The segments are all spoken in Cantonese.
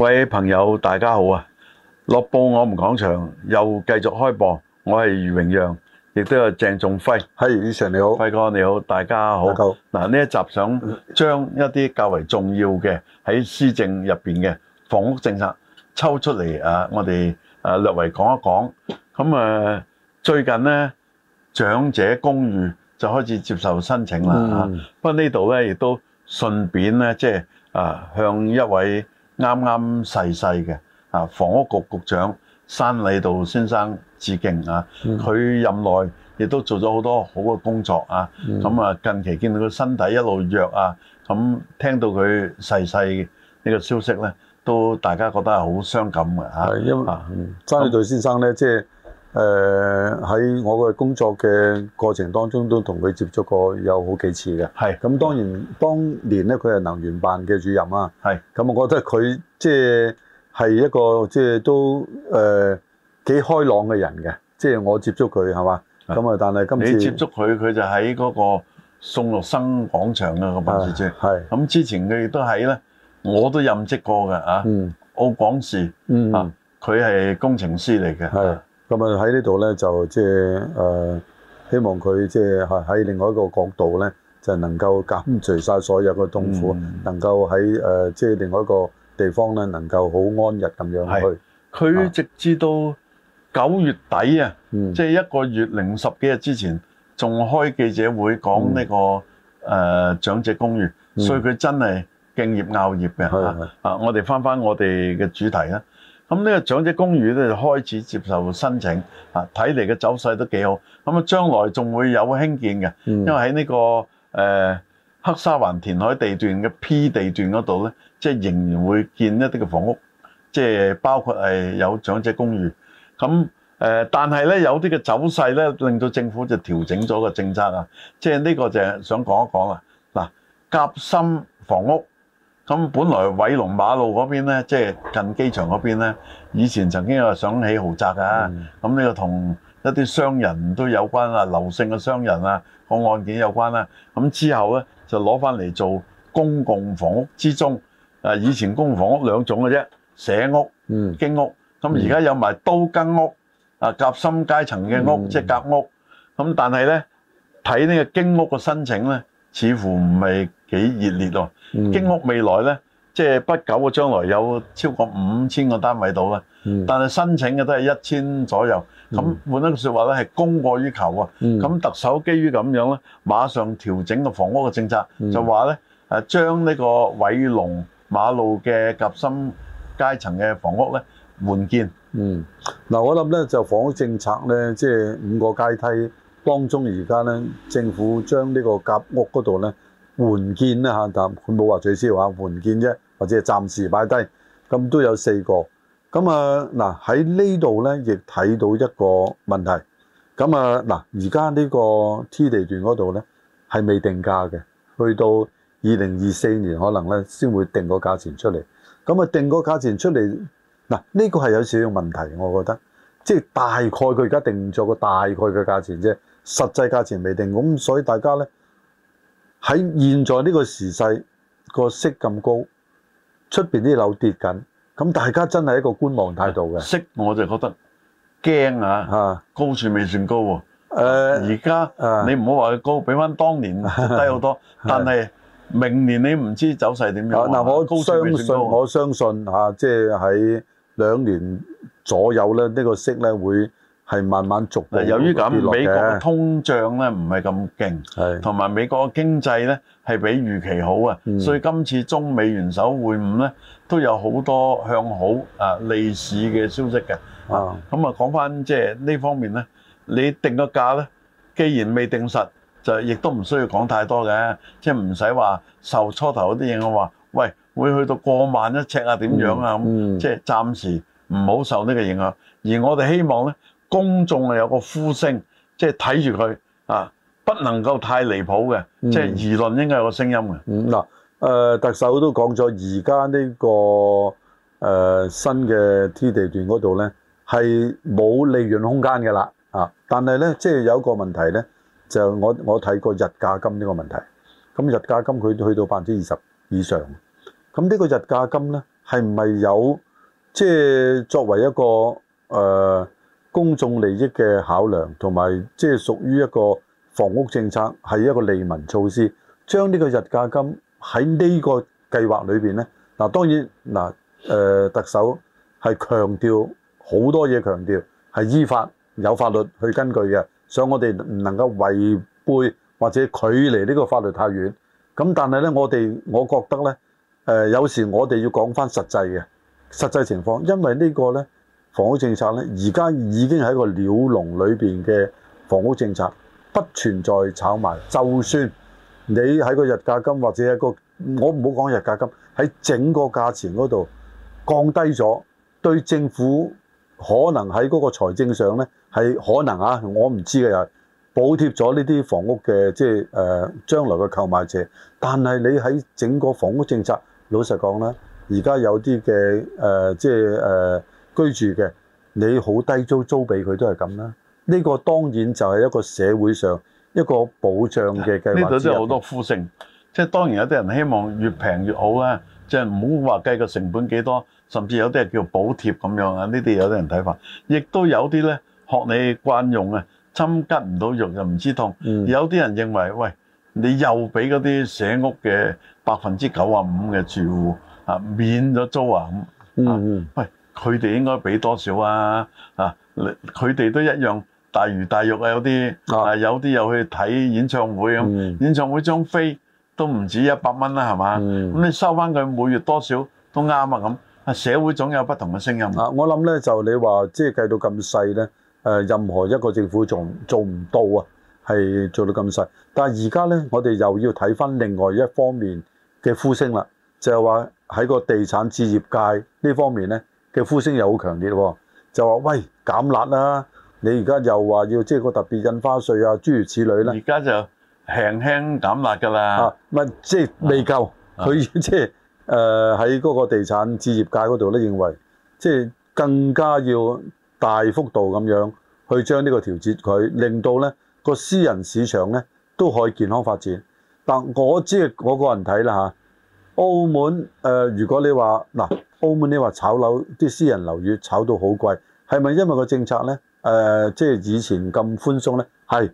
各位朋友，大家好啊！《樂報》我哋講場，又繼續開播。我係余榮讓，亦都有鄭仲輝。係，李成你好，輝哥你好，大家好。嗱，呢一集想將一啲較為重要嘅喺施政入邊嘅房屋政策抽出嚟，誒，我哋誒略為講一講。咁啊，最近咧，長者公寓就開始接受申請啦吓。不過呢度咧，亦都順便咧，即係啊，向一位啱啱逝世嘅啊，房屋局局長山禮道先生致敬啊，佢任內亦都做咗好多好嘅工作啊，咁啊近期見到佢身體一路弱啊，咁聽到佢逝世呢個消息呢，都大家覺得係好傷感嘅嚇。係因為山禮道先生呢，即係。誒喺、呃、我嘅工作嘅過程當中，都同佢接觸過有好幾次嘅。係咁是當然的當年咧，佢係能源辦嘅主任啊。係咁的，我覺得佢即係係一個即係都誒幾、呃、開朗嘅人嘅。即係我接觸佢係嘛。咁啊，是的但係今次你接觸佢，佢就喺嗰個宋玉生廣場啊、那個辦事處。係咁，的之前佢亦都喺咧，我都任職過嘅啊。嗯，澳廣視。啊、嗯，嗯，佢係工程師嚟嘅。係。咁啊喺呢度咧就即係誒希望佢即係喺喺另外一個角度咧，就係能夠減除晒所有嘅痛苦，能夠喺誒即係另外一個地方咧，能夠好安逸咁樣去。佢直至到九月底啊，即係一個月零十幾日之前，仲開記者會講呢個誒長者公寓，所以佢真係敬業熬業嘅嚇。啊，我哋翻翻我哋嘅主題啦。咁呢個長者公寓咧就開始接受申請，啊，睇嚟嘅走勢都幾好。咁啊將來仲會有興建嘅，因為喺呢個誒黑沙環填海地段嘅 P 地段嗰度咧，即係仍然會建一啲嘅房屋，即係包括係有長者公寓。咁誒，但係咧有啲嘅走勢咧令到政府就調整咗個政策啊，即係呢個就係想講一講啊。嗱，夾心房屋。咁本來偉龍馬路嗰邊咧，即係近機場嗰邊咧，以前曾經又想起豪宅嘅，咁呢個同一啲商人都有關啦，劉姓嘅商人啊，個案件有關啦。咁之後咧就攞翻嚟做公共房屋之中，啊以前公共房屋兩種嘅啫，社屋、經屋。咁而家有埋都更屋啊，夾心階層嘅屋，即係夾屋。咁但係咧睇呢個經屋嘅申請咧，似乎唔係。幾熱烈哦！經屋未來呢，即係不久嘅將來有超過五千個單位到啦。但係申請嘅都係一千左右。咁換一句説話呢，係供過於求啊。咁、嗯、特首基於咁樣呢，馬上調整個房屋嘅政策，嗯、就話呢，誒，將呢個偉龍馬路嘅夾心階層嘅房屋呢換建。嗯，嗱、啊，我諗呢就房屋政策呢，即係五個階梯當中，而家呢，政府將呢個夾屋嗰度呢。換建咧嚇，但佢冇話取消啊，換建啫，或者係暫時擺低，咁都有四個。咁啊嗱，喺呢度咧亦睇到一個問題。咁啊嗱，而家呢個 T 地段嗰度咧係未定價嘅，去到二零二四年可能咧先會定個價錢出嚟。咁啊定個價錢出嚟嗱，呢個係有少少問題，我覺得，即係大概佢而家定咗個大概嘅價錢啫，實際價錢未定，咁所以大家咧。喺現在呢個時勢，個息咁高，出邊啲樓跌緊，咁大家真係一個觀望態度嘅息，我就覺得驚啊！高處未算高喎，而家你唔好話佢高，比翻當年就低好多。但係明年你唔知走勢點樣？嗱，我相信我相信嚇，即係喺兩年左右咧，呢個息咧會，係慢慢續嘅，由於咁美國通脹咧唔係咁勁，係同埋美國嘅經濟咧係比預期好啊，所以今次中美元首會晤咧都有好多向好啊利市嘅消息嘅啊。咁啊講翻即係呢方面咧，你定個價咧，既然未定實，就亦都唔需要講太多嘅，即係唔使話受初頭嗰啲影響話，喂會去到過萬一尺啊點樣啊咁，即係暫時唔好受呢個影響。而我哋希望咧。公眾係有個呼聲，即係睇住佢啊，不能夠太離譜嘅，即係輿論應該有個聲音嘅。嗱、嗯，誒、呃、特首都講咗、這個，而家呢個誒新嘅 T 地段嗰度咧係冇利潤空間嘅啦啊！但係咧，即、就、係、是、有一個問題咧，就我我睇過，個日價金呢個問題。咁日價金佢去到百分之二十以上，咁呢個日價金咧係唔係有即係作為一個誒，呃公眾利益嘅考量，同埋即係屬於一個房屋政策，係一個利民措施。將呢個日價金喺呢個計劃裏面呢。嗱，當然嗱誒、呃、特首係強調好多嘢，強調係依法有法律去根據嘅，所以我哋唔能夠違背或者距離呢個法律太遠。咁但係呢，我哋我覺得呢，誒有時我哋要講翻實際嘅實際情況，因為呢個呢。房屋政策咧，而家已經喺個鳥籠裏邊嘅房屋政策不存在炒賣。就算你喺個日價金或者一個，我唔好講日價金，喺整個價錢嗰度，降低咗，對政府可能喺嗰個財政上咧係可能啊，我唔知嘅又補貼咗呢啲房屋嘅即係誒將來嘅購買者。但係你喺整個房屋政策，老實講啦，而家有啲嘅誒即係誒。呃居住嘅，你好低租租俾佢都係咁啦。呢、這個當然就係一個社會上一個保障嘅計劃，呢度真係好多呼聲，即係當然有啲人希望越平越好啦。即係唔好話計個成本幾多，甚至有啲係叫補貼咁樣啊。呢啲有啲人睇法，亦都有啲咧學你慣用啊，針拮唔到肉就唔知痛。嗯、有啲人認為，喂，你又俾嗰啲社屋嘅百分之九十五嘅住戶啊免咗租啊咁。嗯，喂。佢哋應該俾多少啊？啊，你佢哋都一樣大魚大肉啊，有啲啊，啊，有啲又去睇演唱會咁，啊，嗯、演唱會張飛都唔止一百蚊啦，係嘛？咁，嗯、你收翻佢每月多少都啱啊？咁啊，社會總有不同嘅聲音啊。啊我諗咧，就你話即係計到咁細咧，任何一個政府仲做唔到啊，係做到咁細。但係而家咧，我哋又要睇翻另外一方面嘅呼聲啦，就係話喺個地產置業界呢方面咧。嘅呼聲又好強烈，就話喂減辣啦！你而家又話要即係個特別印花稅啊，諸如此類呢？而家就輕輕減辣㗎啦，唔係、啊、即係未夠。佢、啊、即係誒喺嗰個地產置業界嗰度咧，認為即係更加要大幅度咁樣去將呢個調節佢，令到咧、個私人市場咧都可以健康發展。但我即係我、個人睇啦嚇，澳門誒、呃，如果你話嗱。啊澳門你話炒樓，啲私人樓宇炒到好貴，係咪因為個政策咧？誒、呃，即係以前咁寬鬆咧，係呢、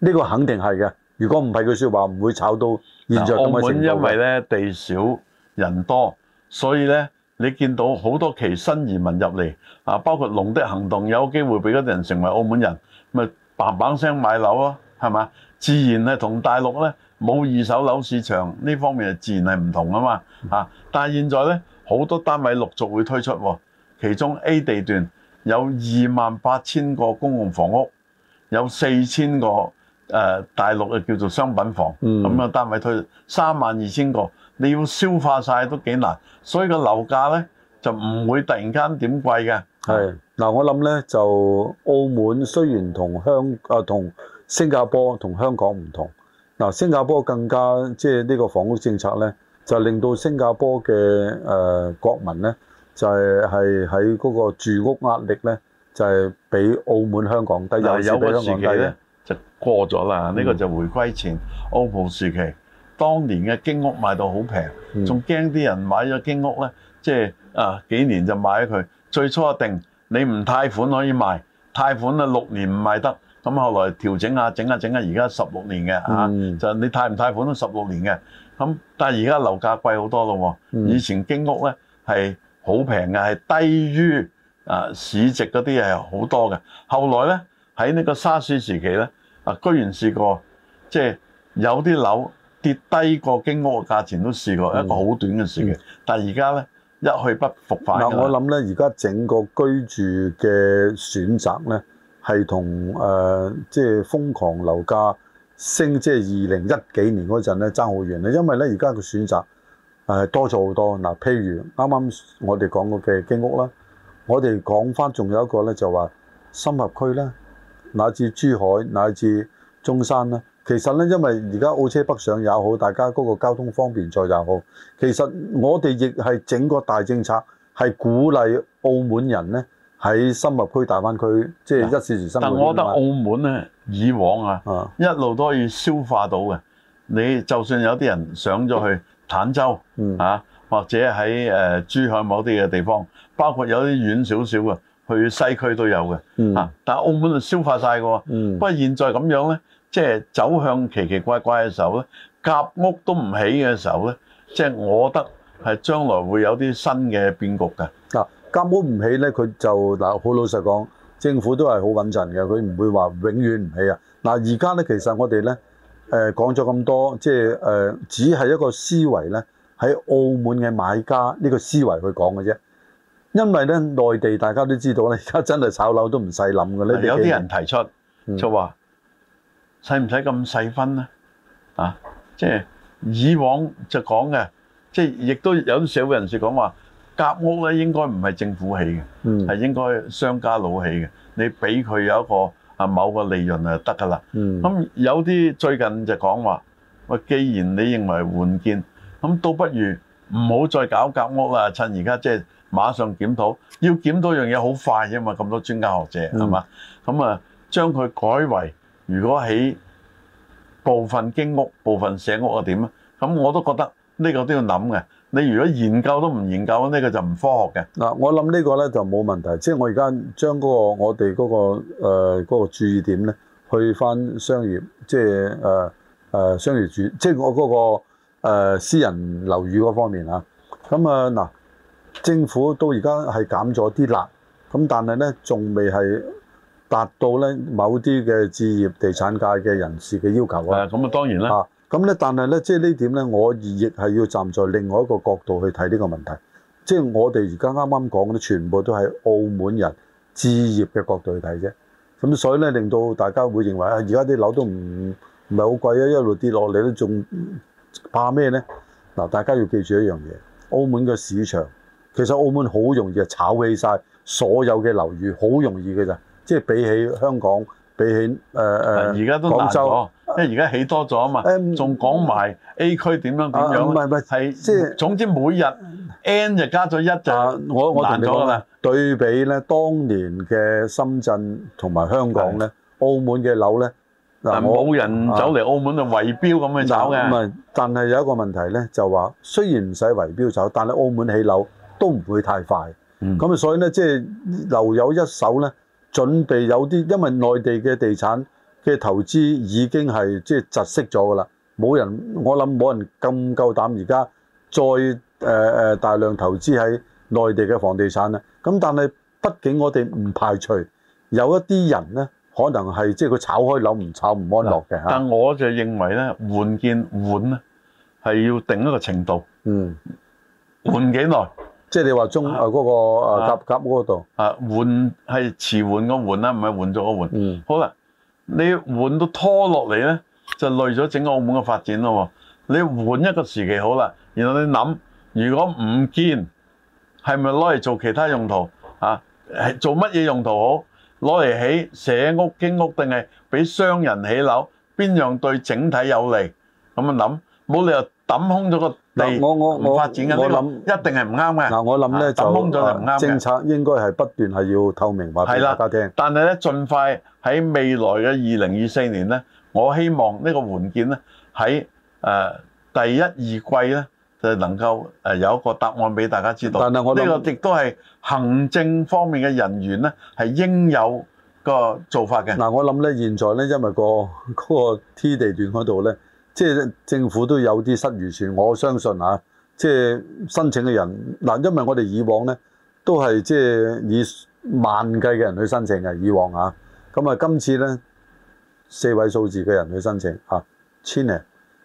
呢個肯定係嘅。如果唔係佢説話，唔會炒到現在咁嘅程度。澳門因為咧地少人多，所以咧你見到好多期新移民入嚟啊，包括龍的行動，有機會俾嗰啲人成為澳門人，咪棒棒聲買樓啊，係嘛？自然係同大陸咧冇二手樓市場呢方面係自然係唔同啊嘛啊嘛嚇。但係現在咧。好多單位陸續會推出、哦，其中 A 地段有二萬八千個公共房屋，有四千個誒、呃、大陸嘅叫做商品房，咁嘅、嗯、單位推三萬二千個，你要消化晒都幾難，所以個樓價呢，就唔會突然間點貴嘅。係嗱、嗯，我諗呢，就澳門雖然同香誒、啊、同新加坡同香港唔同，嗱新加坡更加即係呢個房屋政策呢。就令到新加坡嘅誒、呃、國民咧，就係喺嗰個住屋壓力咧，就係、是、比澳門香港低，但有位時期咧就過咗啦。呢、嗯、個就回歸前澳 o 時期，當年嘅京屋賣到好平，仲驚啲人買咗京屋咧，即、就、係、是、啊幾年就買咗佢。最初一定你唔貸款可以賣，貸款咧六年唔賣得，咁後來調整下整，下整下整下，而家十六年嘅嚇，嗯、就你貸唔貸款都十六年嘅。咁，但係而家樓價貴好多咯喎！以前經屋咧係好平嘅，係低於啊市值嗰啲係好多嘅。後來咧喺呢個沙士時期咧，啊居然試過即係有啲樓跌低過經屋嘅價錢都試過一個好短嘅時期。但係而家咧一去不復返嗱、嗯嗯，我諗咧，而家整個居住嘅選擇咧係同誒即係瘋狂樓價。升即係二零一幾年嗰陣咧爭好遠啦，因為咧而家個選擇誒多咗好多。嗱，譬如啱啱我哋講過嘅經屋啦，我哋講翻仲有一個咧就話深合區啦，乃至珠海乃至中山啦。其實咧，因為而家澳車北上也好，大家嗰個交通方便再也好。其實我哋亦係整個大政策係鼓勵澳門人咧喺深合區大灣區，即係一線生活嘅。但我覺得澳門咧。以往啊，啊一路都可以消化到嘅。你就算有啲人上咗去坦洲、嗯、啊，或者喺誒、呃、珠海某啲嘅地方，包括有啲遠少少嘅，去西區都有嘅。嗯、啊，但係澳門就消化晒嘅、嗯、不過現在咁樣呢，即、就、係、是、走向奇奇怪怪嘅時候呢，夾屋都唔起嘅時候呢，即、就、係、是、我覺得係將來會有啲新嘅變局嘅。嗱、啊，夾屋唔起呢，佢就嗱好老實講。政府都係好穩陣嘅，佢唔會話永遠唔起啊！嗱、啊，而家咧其實我哋咧誒講咗咁多，即係誒、呃、只係一個思維咧，喺澳門嘅買家呢個思維去講嘅啫。因為咧內地大家都知道咧，而家真係炒樓都唔使諗嘅咧。些有啲人提出就話，使唔使咁細分咧？啊，即係以往就講嘅，即係亦都有啲社會人士講話。夾屋咧應該唔係政府起嘅，係應該商家佬起嘅。你俾佢有一個啊某個利潤啊得噶啦。咁有啲最近就講話，喂，既然你認為換建，咁倒不如唔好再搞夾屋啦。趁而家即係馬上檢討，要檢討樣嘢好快啫嘛。咁多專家學者係嘛？咁啊，將佢改為如果起部分經屋、部分社屋啊點啊？咁我都覺得呢個都要諗嘅。你如果研究都唔研究呢佢、那個、就唔科學嘅。嗱，我諗呢個咧就冇問題。即、就、係、是、我而家將嗰個我哋嗰、那個誒、呃那個、注意點咧，去返商業，即係誒誒商業主，即係我嗰、那個、呃、私人樓宇嗰方面啊。咁啊嗱，政府到而家係減咗啲辣，咁但係咧仲未係達到咧某啲嘅置業地產界嘅人士嘅要求的啊。咁啊當然啦。咁咧，但係咧，即係呢點咧，我亦係要站在另外一個角度去睇呢個問題。即係我哋而家啱啱講嘅全部都係澳門人置業嘅角度去睇啫。咁所以咧，令到大家會認為啊，而家啲樓都唔唔係好貴啊，一路跌落嚟都仲怕咩咧？嗱，大家要記住一樣嘢，澳門嘅市場其實澳門好容易炒起晒所有嘅樓宇，好容易嘅咋。即係比起香港，比起誒誒，而家都因為而家起多咗啊嘛，仲講埋 A 區點樣點樣，唔係唔係係，即係總之每日 N 就加咗一就難咗啦。我我同你講。對比咧，當年嘅深圳同埋香港咧，澳門嘅樓咧，嗱，冇人走嚟澳門就圍標咁去炒嘅。唔係，但係有一個問題咧，就話雖然唔使圍標炒，但係澳門起樓都唔會太快。咁啊，所以咧，即係留有一手咧，準備有啲，因為內地嘅地產嘅投資已經係即係窒息咗噶啦，冇人我諗冇人咁夠膽而家再誒誒、呃、大量投資喺內地嘅房地產啦。咁但係畢竟我哋唔排除有一啲人咧，可能係即係佢炒開樓唔炒唔安樂嘅嚇。但我就認為咧，緩建緩咧係要定一個程度，嗯，緩幾耐？即係你話中誒嗰、啊、個誒夾嗰度啊，緩係遲緩個緩啦，唔係換咗個換。不是換了的換，嗯，好啦。你換到拖落嚟咧，就累咗整個澳門嘅發展咯。你換一個時期好啦，然後你諗，如果唔建，係咪攞嚟做其他用途？啊，係做乜嘢用途好？攞嚟起社屋、經屋，定係俾商人起樓？邊樣對整體有利？咁樣諗，冇理由。抌空咗個地我我我發展嘅，我諗呢個一定係唔啱嘅。嗱，我諗咧，就抌空咗就唔啱，政策應該係不斷係要透明化，俾大家聽。但係咧，盡快喺未來嘅二零二四年咧，我希望呢個援建咧喺誒第一二季咧，就能夠誒有一個答案俾大家知道。但係我呢個亦都係行政方面嘅人員咧，係應有個做法嘅。嗱我諗咧，現在咧，因為個嗰個 T 地段嗰度咧。即係政府都有啲失預算，我相信啊，即係申請嘅人嗱，因為我哋以往呢都係即係以萬計嘅人去申請嘅，以往啊，咁啊今次呢四位數字嘅人去申請啊，千零。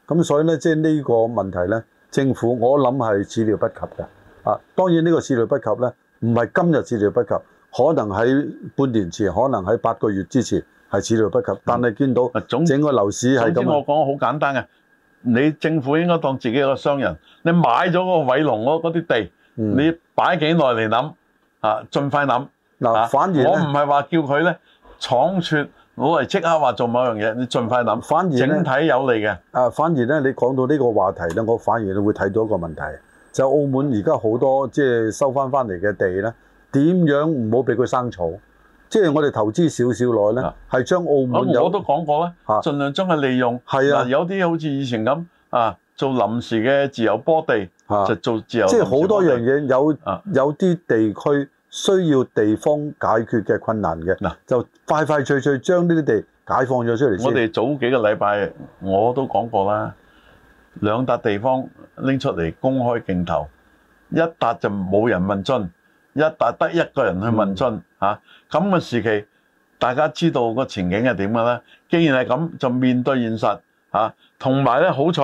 咁所以呢即係呢個問題呢，政府我諗係始料不及嘅啊。當然呢個始料不及呢，唔係今日始料不及，可能喺半年前，可能喺八個月之前。係始料不及，但係見到整個樓市係咁。嗯、總之我講好簡單嘅，你政府應該當自己一個商人，你買咗個偉龍嗰啲地，嗯、你擺幾耐嚟諗啊？盡快諗嗱，反而我唔係話叫佢咧倉促，我係即刻話做某樣嘢，你盡快諗。反而整體有利嘅啊，反而咧你講到呢個話題咧，我反而會睇到一個問題，就是、澳門而家好多即係、就是、收翻翻嚟嘅地咧，點樣唔好俾佢生草？即係我哋投資少少耐咧，係、啊、將澳門我都講過啦，啊、盡量將佢利用，係啊，有啲好似以前咁啊，做臨時嘅自由波地，啊、就做自由，即係好多樣嘢地、啊，有有啲地區需要地方解決嘅困難嘅，嗱、啊，就快快脆脆將呢啲地解放咗出嚟、啊。我哋早幾個禮拜我都講過啦，兩笪地方拎出嚟公開競投，一笪就冇人問津。一大得一個人去問津嚇，咁嘅時期，大家知道個前景係點嘅咧？既然係咁，就面對現實嚇。同埋咧，好彩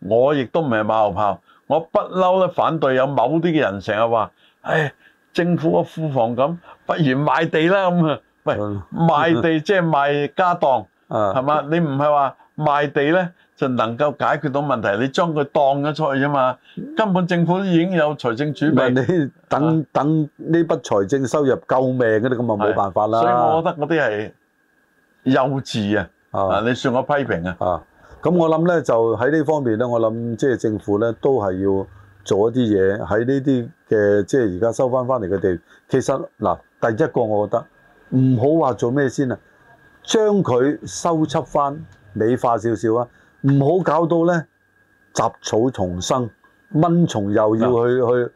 我亦都唔係馬後炮，我不嬲咧反對有某啲嘅人成日話，唉，政府個庫房咁，不如賣地啦咁啊，喂賣地即係賣家當，係嘛？你唔係話賣地咧？就能夠解決到問題，你將佢當咗出去啊嘛！根本政府已經有財政儲備，唔係你等等呢筆財政收入救命嗰啲，咁啊冇辦法啦。所以我覺得嗰啲係幼稚啊！啊，你算我批評啊！啊，咁我諗咧就喺呢方面咧，我諗即係政府咧都係要做一啲嘢喺呢啲嘅，即係而家收翻翻嚟嘅地。其實嗱，第一個我覺得唔好話做咩先啊，將佢收葺翻美化少少啊！唔好搞到咧雜草叢生，蚊蟲又要去去，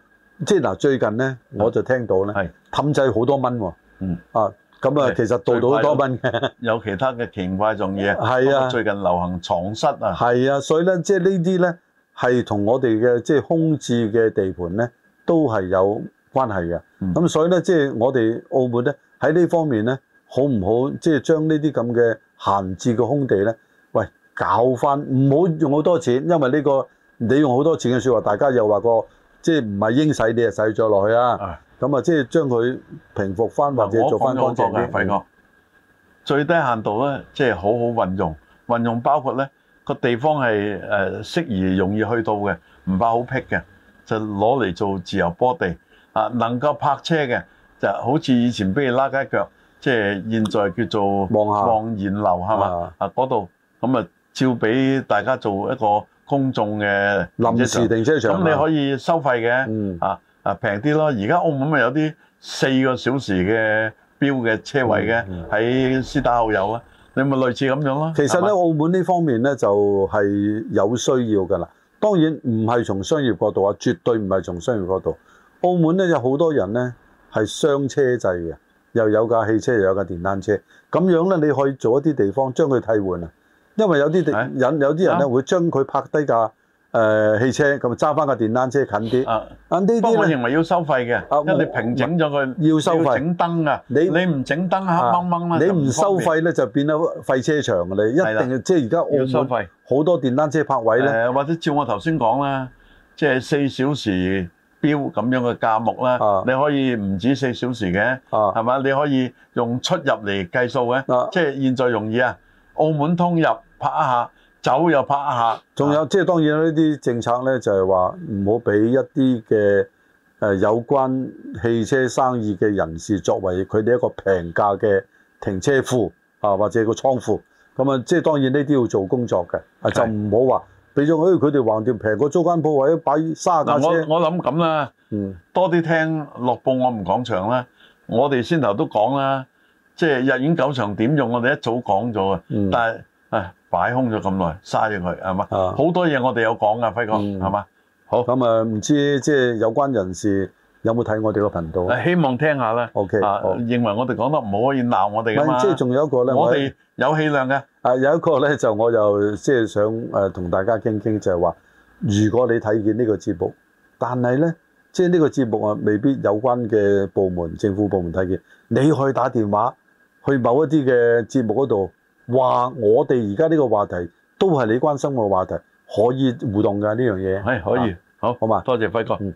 即係嗱最近咧我就聽到咧，氹仔好多蚊喎。嗯啊，咁啊其實度到好多蚊嘅，有其他嘅奇怪種嘢。係啊，最近流行藏屍啊。係啊，所以咧即係呢啲咧係同我哋嘅即係空置嘅地盤咧都係有關係嘅。咁所以咧即係我哋澳門咧喺呢方面咧好唔好即係將呢啲咁嘅閒置嘅空地咧喂？搞翻唔好用好多錢，因為呢個你用好多錢嘅說話，大家又話過即係唔係應使，你又使咗落去啦。咁啊唉，即係將佢平復翻或者做翻乾淨啲。最低限度咧，即係好好運用，運用包括咧個地方係誒適宜容易去到嘅，唔怕好僻嘅，就攞嚟做自由波地啊。能夠泊車嘅就好似以前俾你拉街腳，即係現在叫做望望延樓係嘛，啊嗰度咁啊。照俾大家做一個公眾嘅臨時停車場，咁你可以收費嘅、嗯、啊，啊平啲咯。而家澳門咪有啲四個小時嘅標嘅車位嘅喺、嗯嗯、斯打後有啊，你咪類似咁樣咯。其實咧，吧澳門呢方面咧就係、是、有需要㗎啦。當然唔係從商業角度啊，絕對唔係從商業角度。澳門咧有好多人咧係雙車制嘅，又有架汽車又有架電單車，咁樣咧你可以做一啲地方將佢替換啊。因為有啲人有啲人咧會將佢泊低架誒汽車，咁咪揸翻架電單車近啲。啊，呢啲我認為要收費嘅，因為你平整咗佢，要收費，要整燈㗎。你你唔整燈黑掹掹咧，你唔收費咧就變咗廢車場。你一定要即係而家要收費好多電單車泊位咧，或者照我頭先講啦，即係四小時標咁樣嘅價目咧。你可以唔止四小時嘅，係嘛？你可以用出入嚟計數嘅，即係現在容易啊。澳門通入拍一下，走又拍一下，仲有即係、就是、當然呢啲政策咧，就係話唔好俾一啲嘅誒有關汽車生意嘅人士作為佢哋一個平價嘅停車庫啊，或者個倉庫咁啊，即係當然呢啲要做工作嘅，是的 就唔好話俾咗，哎，佢哋橫掂平過租間鋪或者擺卅架車。我我諗咁啦，嗯，多啲聽樂報我們講場啦，我哋、嗯、先頭都講啦。即係日元九場點用，我哋一早講咗嘅，但係、嗯、擺空咗咁耐，嘥咗佢係嘛？是是啊、好多嘢我哋有講噶，輝哥係嘛、嗯？好咁、嗯、啊，唔知即係有關人士有冇睇我哋個頻道、啊？希望聽下啦。O K，認為我哋講得唔可以鬧我哋、嗯、即係仲有一個咧，我哋有氣量嘅。啊，有一個咧就我又即係想誒、啊、同大家傾傾，就係、是、話如果你睇見呢個節目，但係咧即係呢個節目啊，未必有關嘅部門、政府部門睇見，你去打電話。去某一啲嘅節目嗰度，話我哋而家呢個話題都係你關心我嘅話題，可以互動㗎。呢樣嘢，係可以，好吧好嘛，好嗎多謝輝哥。嗯